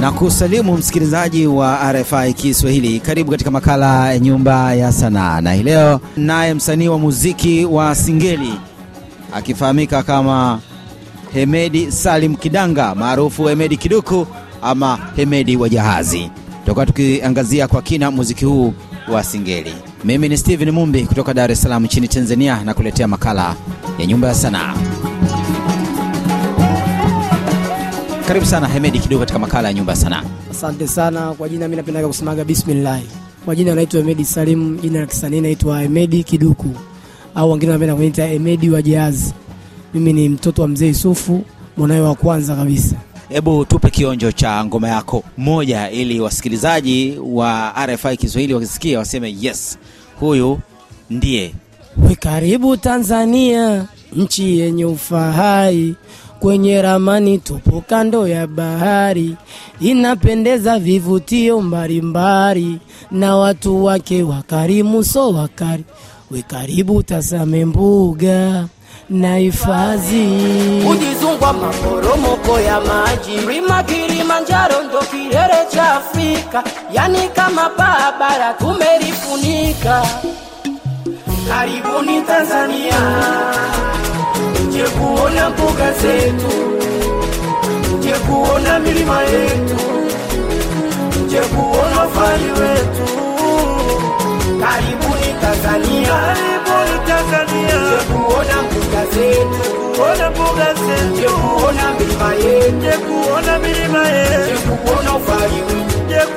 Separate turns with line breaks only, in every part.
na kusalimu msikilizaji wa RFI Kiswahili. Karibu katika makala ya Nyumba ya Sanaa, na hii leo naye msanii wa muziki wa Singeli akifahamika kama Hemedi Salim Kidanga maarufu Hemedi Kiduku ama Hemedi wa Jahazi, tutakuwa tukiangazia kwa kina muziki huu wa Singeli. Mimi ni Steven Mumbi kutoka Dar es Salaam nchini Tanzania na kuletea makala ya Nyumba ya Sanaa. Karibu sana Hemedi kidogo katika makala ya nyumba ya sanaa.
Asante sana kwa jina, mimi napenda kusimaga bismillah. Kwa jina anaitwa Hemedi Salim, jina la kisanii naitwa Hemedi Kiduku au wengine wanapenda kuniita Hemedi wa Jahazi. Mimi ni mtoto wa mzee Yusufu, mwanawe wa kwanza kabisa.
Hebu tupe kionjo cha ngoma yako moja, ili wasikilizaji wa RFI Kiswahili wakisikia waseme yes, huyu ndiye.
karibu Tanzania, nchi yenye ufahai kwenye ramani tupo kando ya bahari, inapendeza vivutio mbalimbali, na watu wake wakarimu, so wakari we, karibu tasame mbuga na hifadhi,
ujizungwa maporomoko ya maji, mlima Kilimanjaro ndo kilele cha Afrika, yani kama barabara tumelifunika. Karibuni Tanzania
tuje kuona mbuga zetu, tuje kuona milima yetu, tuje kuona ufali wetu. Karibuni Tanzania, karibuni Tanzania, tuje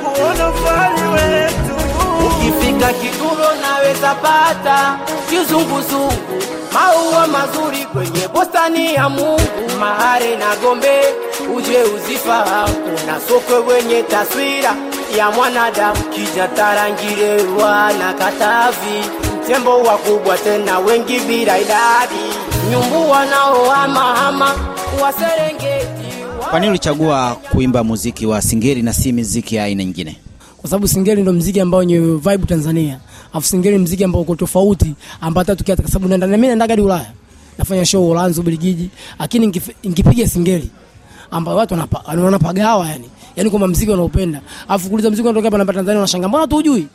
kuona mbuga zetu, Ukifika Kitulo
naweza pata kizunguzungu maua mazuri kwenye bustani ya Mungu, mahare na gombe uje uzifahamu. Kuna sokwe wenye taswira ya mwanadamu, Tarangire wana Katavi, tembo wakubwa tena wengi bila idadi, nyumbu wanaohamahama wa Serengeti.
Kwa nini ulichagua kuimba muziki wa Singeli na si muziki ya aina nyingine?
Kwa sababu Singeli ndo muziki ambao ni vibe Tanzania afu singeli mziki ambao uko tofauti ambao hata tukiata, kwa sababu naenda mimi naenda hadi Ulaya nafanya show Ulanzi, Ubelgiji, lakini nkipiga singeli ambao watu wanapagawa yani yani kwamba mziki wanaopenda afu kuuliza mziki unatoka hapa namba Tanzania, unashangaa mbona hujui,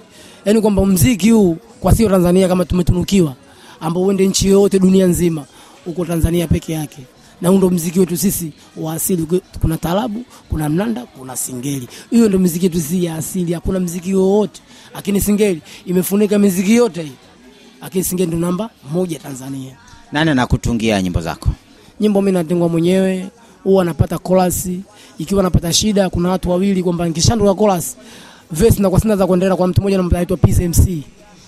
yani kwamba mziki huu kwa sio Tanzania kama tumetunukiwa, ambao uende nchi yote dunia nzima, uko Tanzania peke yake na huu ndo mziki wetu sisi wa asili. Kuna tarabu, kuna mnanda, kuna singeli. Hiyo ndo mziki wetu sisi ya asili, hakuna mziki wowote. Lakini singeli imefunika mziki yote hii, lakini singeli ndo namba moja Tanzania.
Nani anakutungia nyimbo zako?
Nyimbo mimi natengwa mwenyewe, huwa napata chorus Ikiwa napata shida, kuna watu wawili kwamba nikishandoka chorus verse na kwa sina za kuendelea kwa mtu mmoja anaitwa PMC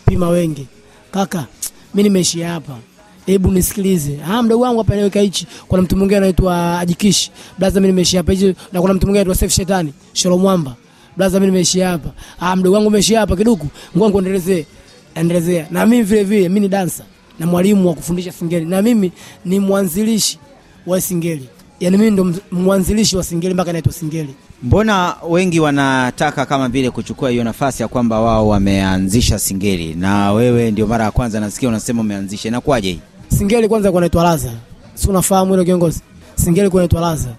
Pima Wenge. Kaka, mimi nimeishia hapa hebu nisikilize. Ah, mdogo wangu hapa anaweka hichi. Kuna mtu mwingine anaitwa Ajikishi. Blaza, mimi nimeishi hapa hichi na kuna mtu mwingine anaitwa Safe Shetani, Shoro Mwamba. Blaza, mimi nimeishi hapa. Ah, mdogo wangu umeishi hapa kiduku. Ngoja nikuendelezee. Endelezea. Na mimi vile vile mimi ni dancer na mwalimu wa kufundisha singeli. Na mimi ni mwanzilishi wa singeli. Yaani mimi ndo mwanzilishi wa singeli mpaka naitwa singeli.
Mbona wengi wanataka kama vile kuchukua hiyo nafasi ya kwamba wao wameanzisha singeli, na wewe ndio mara ya kwanza nasikia unasema umeanzisha, inakuwaje hii? Singeli kwanza kwa naitwa Laza.
Si unafahamu hilo kiongozi? Singeli kwa naitwa Laza.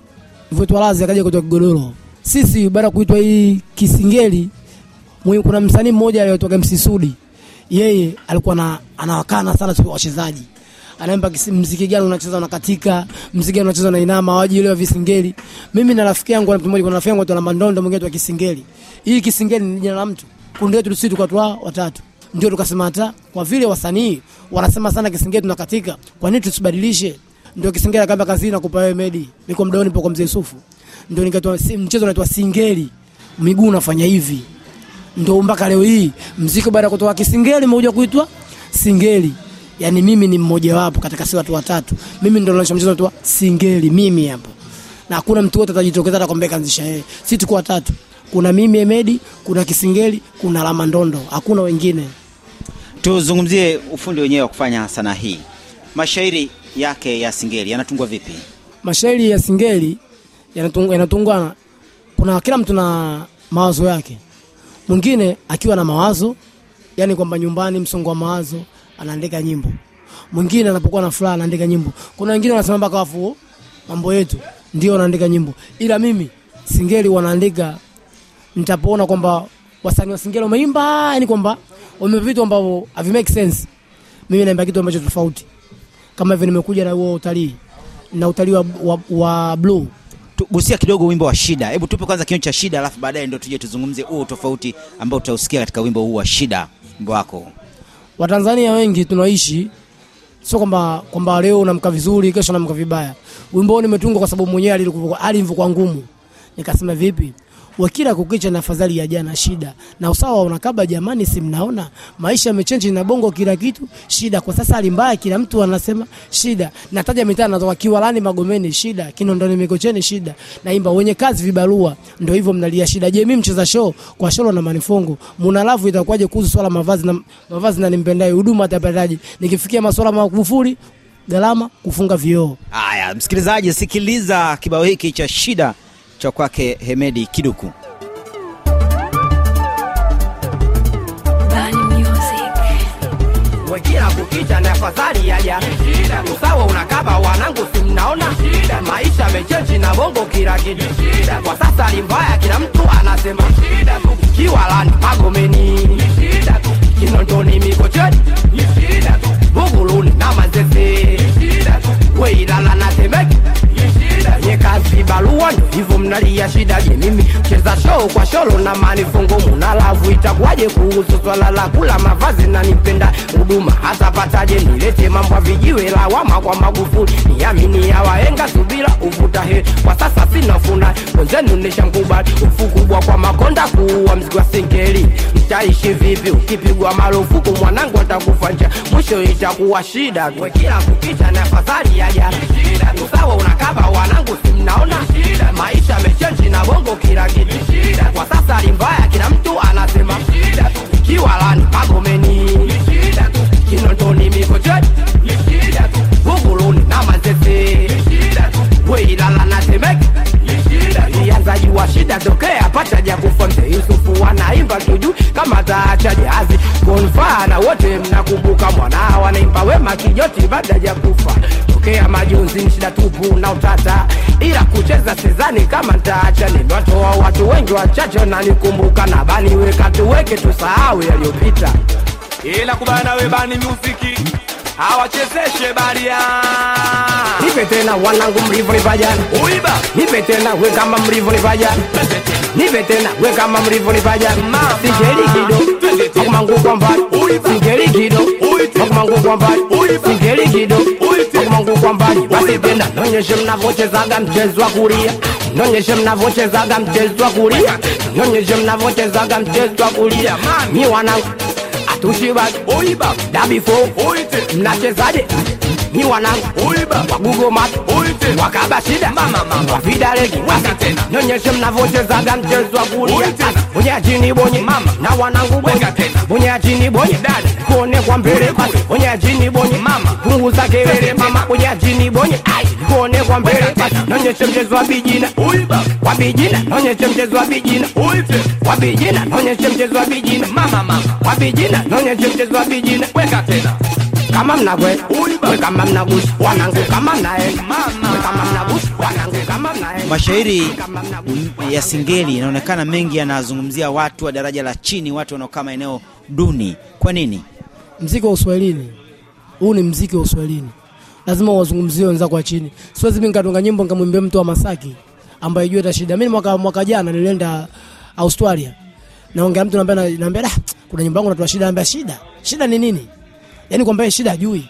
tu Laza akaja kutoka Kigodoro. Sisi baada kuitwa hii Kisingeli mwe kuna msanii mmoja aliyotoka MC Sudi. Yeye alikuwa na anawakana sana tu wachezaji. Anaimba muziki gani unacheza unakatika, muziki gani unacheza unainama, waje ile visingeli. Mimi na rafiki yangu na mtu mmoja, kuna rafiki yangu tu na Mandondo, mwingine anaitwa Kisingeli. Hii Kisingeli ni jina la mtu. Kundi letu sisi tukatoa watatu ndio tukasema hata kwa vile wasanii wanasema sana Kisingeli tunakatika, kwa nini tusibadilishe? Ndio Kisingeli akaambia kazi nakupa wewe Medi, niko mdaoni, nipo kwa mzee Yusufu, ndio nikaitwa mchezo unaitwa Singeli, miguu unafanya hivi, ndio mpaka leo hii mziki baada ya kutoa Kisingeli umekuja kuitwa Singeli. Yani mimi ni mmoja wapo katika si watu watatu, mimi ndio nilioanzisha mchezo unaitwa Singeli, mimi hapo na hakuna mtu wote atajitokeza atakwambia kaanzisha yeye. Sisi tuko watatu, kuna mimi Emedi, kuna Kisingeli, kuna Lamandondo, hakuna wengine.
Tuzungumzie ufundi wenyewe wa kufanya sanaa hii. Mashairi yake ya Singeli yanatungwa vipi?
Mashairi ya Singeli yanatungwa, yanatungwa kuna kila mtu na mawazo yake, mwingine akiwa na mawazo yani kwamba nyumbani msongo wa mawazo anaandika nyimbo, mwingine anapokuwa na furaha anaandika nyimbo. Kuna wengine wanasema mpaka wafu mambo yetu ndio wanaandika nyimbo, ila mimi Singeli wanaandika nitapoona kwamba wasanii wa Singeli wameimba, yani kwamba wamevia vitu ambavyo havi make sense. Mimi naimba kitu ambacho tofauti, kama hivi nimekuja na huo utalii na utalii wa, wa, wa blue
Tugusia kidogo wimbo wa Shida. Hebu tupe kwanza kionjo cha Shida, alafu baadaye ndio tuje tuzungumze huo tofauti ambao tutausikia katika wimbo huu wa Shida, wimbo wako.
Watanzania wengi tunaishi, sio kwamba kwamba leo namka vizuri, kesho namka vibaya. Wimbo huu nimetunga kwa sababu mwenyewe alivyokuwa ngumu, nikasema vipi wakila kukicha na fadhali ya jana shida. Na usawa unakaba jamani, si mnaona maisha yamechange na bongo kila kitu shida. Kwa sasa alimbaya kila mtu anasema shida. Nataja mitaa natoka Kiwalani, Magomeni shida, Kinondoni, Mikocheni shida. Naimba wenye kazi vibarua ndio hivyo mnalia shida. Je, mimi mcheza show kwa sholo na manifongo. Muna lavu itakuwaje kuhusu swala mavazi na mavazi na nimpendaye huduma atapataje? Nikifikia masuala makufuri gharama kufunga vioo.
Haya, msikilizaji, sikiliza kibao hiki cha shida cha kwake Hemedi Kiduku.
Mwekila kukicha na afadhali aja usawa unakaba, wanangu simnaona maisha mechechi na bongo kila kitu kwa sasa limbaya, kila mtu anasema kiwa lani Magomeni Kinondoni Mikocheni Buguluni na Manzese Weilala na Temeke shida ye kazi barua ndo hivyo mnalia shida je mimi cheza show kwa sholo na manifungo lavu itakuwaje kuhusu swala la kula mavazi na nipenda huduma hata pataje nilete mambwa vijiwe lawama kwa magufuli amini ya waenga subira uvuta he kwa sasa sinafuna funa mwenzenu nishamkubali ufu kubwa kwa makonda kuua mzigo wa singeli utaishi vipi? Ukipigwa marufuku mwanangu atakufa mwisho itakuwa shida tu. Kila kukicha na fadhali ya usawa unakaba wanangu, simnaona maisha mechenji na bongo kila kitu kwa sasa limbaya mbaya, kila mtu anasema ikiwa lani Magomeni, Kinondoni, Mikocheni, Buguruni na Mazese, Weilala na Temeke wa shida tokea pata jakufonde Yusufu wanaimba tuju kama taacha jahazi konfana wote mnakumbuka mwana anaimba wema kijoti baada ya kufa tokea majunzi shida tupu na utata ila kucheza sidhani kama ntaacha nimewatoa watu wengi wachache na nikumbuka na bani weka tuweke tusahau yaliyopita ila kubana we bani musiki awachezeshe baria. Nipe tena wanangu mlivyo nifajana, uiba. Nipe tena we kama mlivyo nifajana, nipe tena we kama mlivyo nifajana. Singeli kido wakuma nguvu kwa mbali, singeli kido wakuma nguvu kwa mbali, singeli kido wakuma nguvu kwa mbali. Basi tena nonyeshe mnavyochezaga mchezo wa kulia Nonyeshe mnavochezaga mchezo wa kulia, nonyeshe mnavochezaga mchezo wa kulia, mi wanangu tushibad, oibak, that before, oite, mnachezaje ni wanangu uiba wagugo macho uite wakaba shida mama mama wavida regi wasa tena nyonyeshe mnavyochezaga mchezo wa gulia bunya jini bonye mama na wanangu bonye bunya jini bonye dada kone kwa mbele basi bunya jini bonye mama kungu za kelele mama bunya jini bonye ai kone kwa mbele basi nyonyeshe mchezo wa bijina uiba kwa bijina nyonyeshe mchezo wa bijina uite kwa bijina nyonyeshe mchezo wa bijina mama mama kwa bijina nyonyeshe mchezo wa bijina weka tena kama mnagwe we kama mnagushi wanangu kama mnae kama mnagushi wanangu kama
mnae. Mashairi ya Singeli inaonekana mengi yanazungumzia watu wa daraja la chini, watu wanaokaa maeneo duni. Kwa nini
mziki wa Uswahilini huu ni mziki wa Uswahilini, lazima uwazungumzie wenzako wa chini. Siwezi mimi nkatunga nyimbo nkamwimbia mtu wa Masaki ambaye jua ta shida. Mimi mwaka mwaka jana nilienda Australia, naongea mtu nambia naambia ah, kuna nyumba yangu natoa shida, nambia shida shida ni nini? yani kwamba shida hajui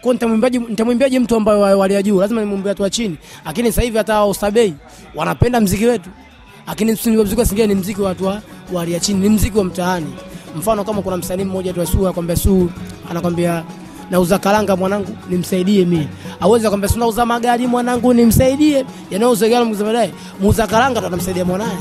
kwa nitamwimbiaje nitamwimbiaje mtu ambaye wale juu lazima nimwambie watu wa chini lakini sasa hivi hata ustabei wanapenda mziki wetu lakini sisi mziki wa Singeli ni mziki wa watu wa hali ya chini ni mziki wa mtaani mfano kama kuna msanii mmoja tu asua kwamba su anakwambia nauza karanga mwanangu nimsaidie mimi mie aweze kwambia sunauza magari mwanangu nimsaidie yanauza gari mzee baadaye muuza karanga ndo anamsaidia mwanaye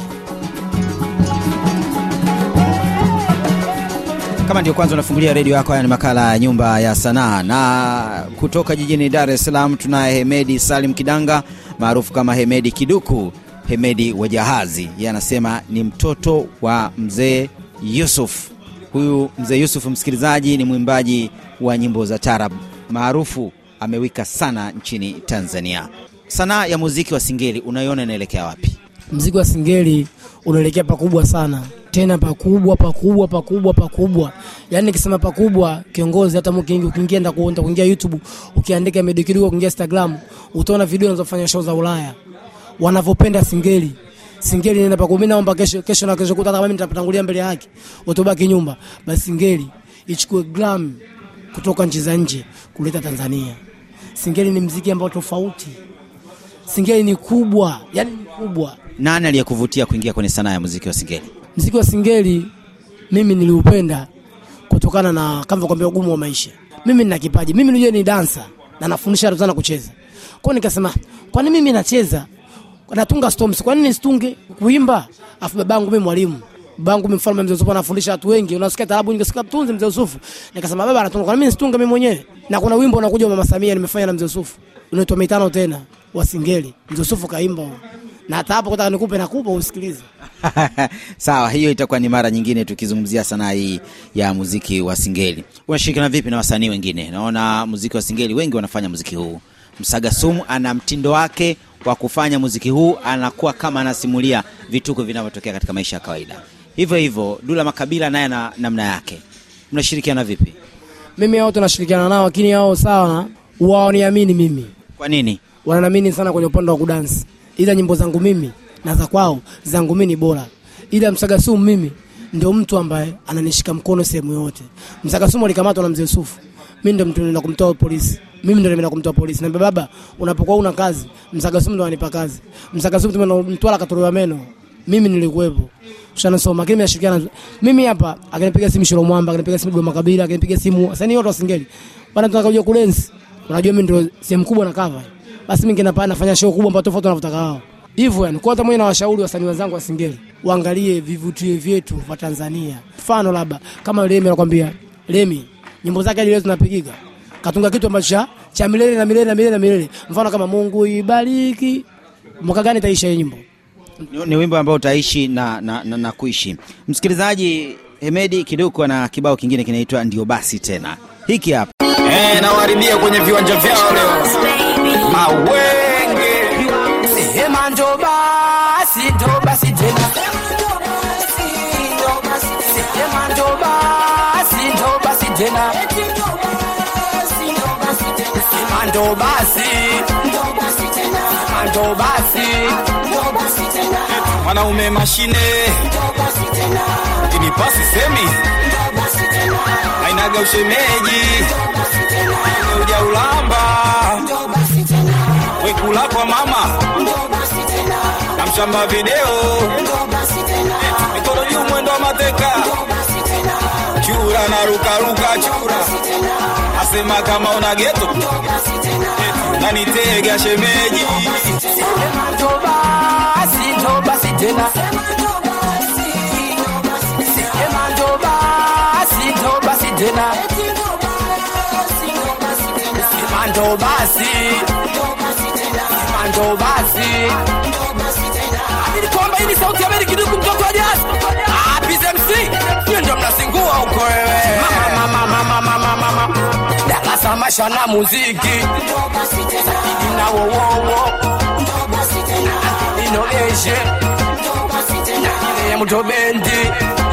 Kama ndio kwanza unafungulia redio yako, haya ni makala ya Nyumba ya Sanaa, na kutoka jijini Dar es Salaam tunaye Hemedi Salim Kidanga maarufu kama Hemedi Kiduku, Hemedi wa Jahazi. Yeye anasema ni mtoto wa mzee Yusuf. Huyu mzee Yusuf, msikilizaji, ni mwimbaji wa nyimbo za tarab maarufu, amewika sana nchini Tanzania. Sanaa ya muziki wa singeli unaiona inaelekea wapi?
Mziki wa singeli unaelekea pakubwa sana tena pakubwa pakubwa pakubwa pakubwa. Yani kisema pakubwa, kiongozi, hata ukiingia nda ndakuenda kuingia YouTube, ukiandika Medo Kiduka kuingia Instagram, utaona video zinazofanya show za Ulaya wanavyopenda Singeli. Singeli nenda pakubwa. Mimi naomba kesho, kesho na kesho kutaka mimi nitapatangulia mbele yake, utobaki nyumba, basi Singeli ichukue gram kutoka nchi za nje kuleta Tanzania. Singeli ni mziki ambao tofauti. Singeli ni kubwa, yani ni kubwa.
Nani aliyekuvutia kuingia kwenye sanaa ya muziki wa Singeli?
mziki wa singeli mimi niliupenda kutokana na kama kwambia ugumu wa maisha. Mimi nina kipaji, mimi nijue ni dansa na nafundisha watu sana kucheza. Kwa hiyo nikasema kwa nini mimi nacheza natunga storms, kwa nini nisitunge kuimba? Afu babangu mimi mwalimu babangu mimi mfalme mzee Yusufu anafundisha watu wengi, unasikia taabu nyingi, sikia tunzi mzee Yusufu. Nikasema baba anatunga, kwa nini nisitunge mimi mwenyewe? Na kuna wimbo unakuja wa mama Samia nimefanya na mzee Yusufu unaitwa mitano tena wa singeli, mzee Yusufu kaimba na hata hapo kutaka nikupe na kupa usikilize.
Sawa, hiyo itakuwa ni mara nyingine tukizungumzia sanaa hii ya muziki wa singeli. Unashirikiana vipi na wasanii wengine? Naona muziki wa singeli wengi wanafanya muziki huu. Msaga Sumu ana mtindo wake wa kufanya muziki huu, anakuwa kama anasimulia vituko vinavyotokea katika maisha ya kawaida. Hivyo hivyo Dula Makabila naye na namna yake. Mnashirikiana vipi?
Mimi hao tunashirikiana nao, lakini hao sawa, wao niamini mimi. Kwa nini? Wanaamini sana kwenye upande wa kudansi ila nyimbo zangu mimi na za kwao zangu mimi ni bora, ila Msaga Sumu mimi ndio mtu ambaye ananishika mkono sehemu yote. Msaga Sumu alikamatwa na mzee Yusufu, mimi ndio mtu nenda kumtoa polisi, mimi ndio nimeenda kumtoa polisi. Na baba, unapokuwa una kazi, Msaga Sumu ndio anipa kazi. Msaga Sumu tumemtwala katolewa meno, mimi nilikuwepo soma kile ashirikiana mimi hapa, akanipiga simu Shiro Mwamba, akanipiga simu Goma Kabila, akanipiga simu sasa, ni watu wasingeli bana, tunataka kuja kulensi. Unajua mimi ndio sehemu kubwa na cover basi mimi napaa nafanya show kubwa ambayo tofauti wanavyotaka wao. Hivyo yani, kwa hata mimi washauri wasanii wenzangu wa singeli waangalie vivutio vyetu vya Tanzania. Mfano labda kama Lemi anakuambia, Lemi nyimbo zake hadi leo zinapigika. Katunga kitu ambacho cha cha milele na milele na milele na milele. Mfano kama Mungu ibariki. Mwaka gani itaisha hii nyimbo?
Ni, ni wimbo ambao utaishi na, na, na, na kuishi. Msikilizaji Hemedi Kiduko na kibao kingine kinaitwa Ndio Basi Tena. Hiki hapa. Eh, nawaribia kwenye viwanja vyao leo
mawenge, sema ndo basi, ndo basi tena, ndo basi, ndo basi mwanaume mashine, lakini pasi semi ainaga ushemeji uja We wekula kwa mama na mshamba video
mikono juu mwendo wa mateka chura na rukaruka chura asema kama una geto na nitega shemeji tena Sema
ndo basi, ndo basi tena ndakasamashana ah, muziki inawowowo inoeje yemutobendi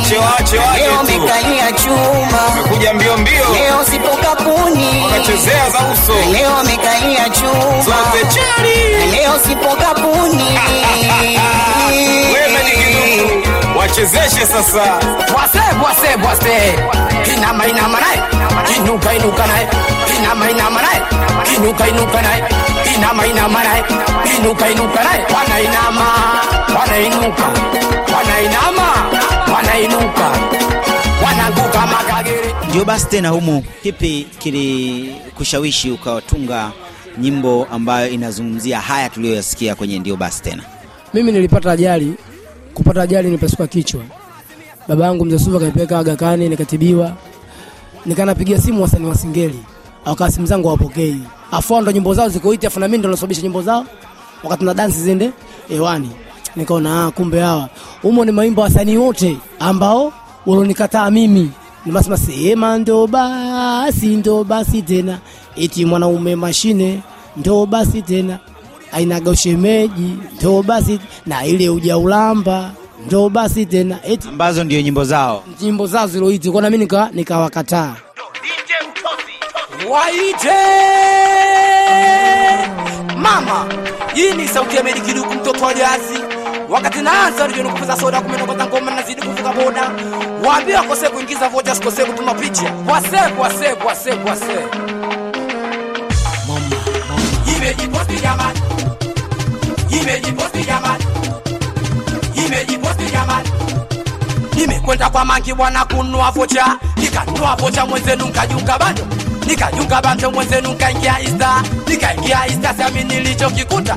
wache wache wache tu. Leo amekalia
chuma, amekuja mbio mbio, leo sipo kapuni, wakachezea za uso, leo amekalia chuma, zote chali, leo sipo kapuni.
Wewe ni kidogo. wachezeshe sasa, bwase bwase bwase, Kina maina naye, inuka inuka naye, Kina maina naye, inuka inuka naye, inama inama naye, inuka inuka naye, wanainama wanainuka wanainama wanainuka wananguka
magagere. Ndio basi tena, humu kipi kilikushawishi ukawatunga nyimbo ambayo inazungumzia haya tuliyoyasikia kwenye ndio basi tena?
Mimi nilipata ajali, kupata ajali nipasuka kichwa, baba yangu mzee Suva kanipeleka Aga nikatibiwa, nikanapigia simu wasanii wa Singeli akaa simu zangu hawapokei, afu ndo nyimbo zao zikoiti afu na mimi ndo nasababisha nyimbo zao wakati na dansi zende hewani nikaona ah, kumbe hawa humo ni maimbo wasanii wote ambao walonikataa mimi nimasema sema ndo basi ndo basi tena iti mwanaume mashine ndo basi tena ainaga ushemeji ndo basi na ile ujaulamba ndo basi tena eti
ambazo ndio nyimbo zao
nyimbo zao ziloiti kona mi nikawakataa
waite
mama hii ni sauti ya melikiduku mtoto wa jazi wakati naanza redio kupuza soda kwanza ngoma nazidi kuvuka boda waambie wakose kuingiza vocha sikose kutuma picha wase wase wase wase mama imejiposti jamani imejiposti jamani imejiposti jamani nimekwenda kwa mangi bwana kunua vocha nikanua vocha mwenzenu nkajuka bado nikajunga bando mwenzenu nkaingia ista nikaingia ista sami nilichokikuta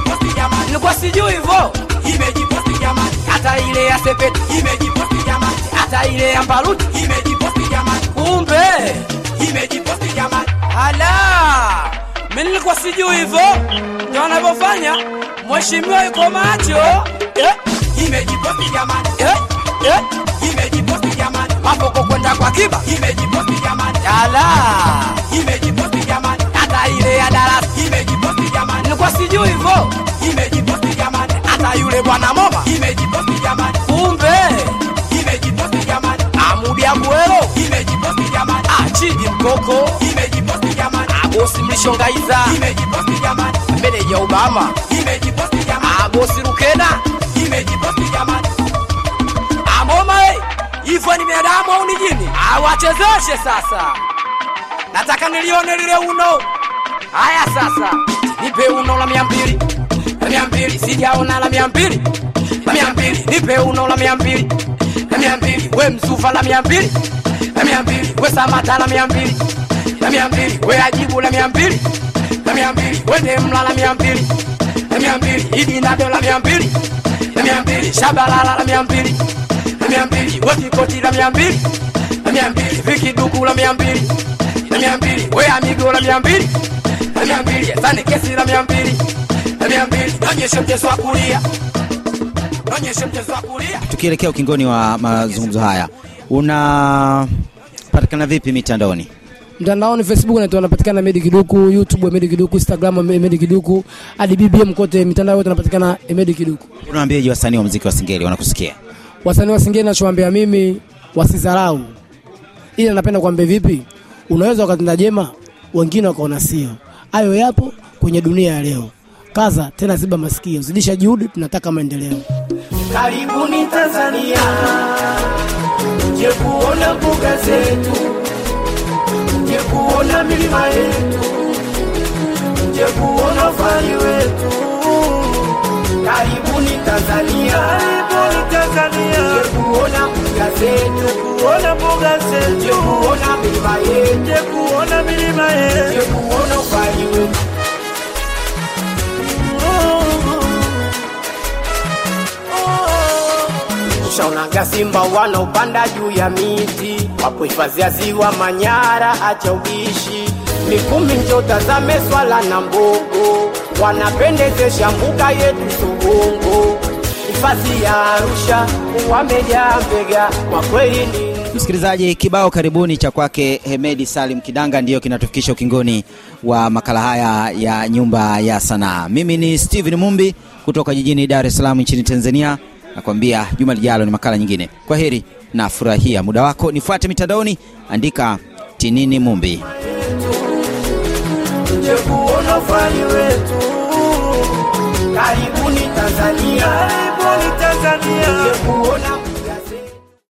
jamani, nilikuwa sijui hivyo. Imejiposti jamani, hata ile ya Sepeti imejiposti jamani, hata ile ya Mbaruti imejiposti jamani, kumbe imejiposti jamani. Ala, mimi nilikuwa sijui hivyo, ndio wanavyofanya. Mheshimiwa yuko macho eh, imejiposti jamani eh, eh, imejiposti jamani, mapoko kwenda kwa kiba imejiposti jamani, ala, imejiposti jamani, hata ile ya darasa imejiposti jamani, nilikuwa sijui hivyo. Imejiposti jamani, hata yule bwana Moba imejiposti jamani, kumbe imejiposti jamani, Amudi Abuelo imejiposti jamani, Achidi ah, Mkoko imejiposti jamani, Abosi Mlishongaiza imejiposti jamani, meneja Obama imejiposti jamani, Abosi Rukena imejiposti jamani, Amoma eh. hivyo ni binadamu au ni jini? Awachezeshe sasa nataka nilione lile uno. Haya sasa nipe uno la mia mbili la mia mbili sijaona la mia mbili la mia mbili nipe uno la mia mbili la mia mbili we msufa la mia mbili la mia mbili we samata la mia mbili la mia mbili we ajibu la mia mbili la mia mbili we demla la mia mbili la mia mbili idi la mia mbili la mia mbili shabalala la mia mbili la mia mbili we kikoti la mia mbili la mia mbili vikiduku la mia mbili la mia mbili we amigo la mia mbili na mia mbili kesi na mia mbili na mia mbili mchezo wa kulia mchezo wa kulia.
Tukielekea ukingoni wa mazungumzo haya, unapatikana vipi mitandaoni?
mtandaoni Facebook napatikana Medi Kiduku, YouTube Medi Kiduku, Instagram Medi Kiduku, hadi BBM kote, mitandao yote napatikana Medi Kiduku.
Unawaambiaje wasanii wa muziki wa Singeli wanakusikia?
Wasanii wa Singeli, nachowaambia mimi wasizarau ila napenda kuambia vipi, unaweza ukatenda jema, wengine wakaona sio hayo yapo kwenye dunia ya leo. Kaza tena, ziba masikio, zidisha juhudi, tunataka maendeleo.
Karibuni
Tanzania, je, kuona mbuga zetu? Je, kuona milima yetu? Je, kuona fani wetu? Karibuni Tanzania, karibuni Tanzania, je, kuona mbuga zetu kuona mbuga upanda kuona milima
simba wanaopanda juu ya miti, wapo hifadhi ya ziwa Manyara, acha ubishi Mikumi njo tazame swala na mbogo, wanapendezesha mbuga yetu Sugungu, hifadhi ya Arusha, wamejaa mbega kwa kweli ni
Msikilizaji, kibao karibuni cha kwake Hemedi Salim Kidanga ndiyo kinatufikisha ukingoni wa makala haya ya Nyumba ya Sanaa. Mimi ni Steven Mumbi kutoka jijini Dar es Salaam nchini Tanzania. Nakwambia juma lijalo ni makala nyingine. Kwa heri na furahia muda wako. Nifuate mitandaoni, andika Tinini Mumbi.
Karibuni Tanzania. Karibuni Tanzania.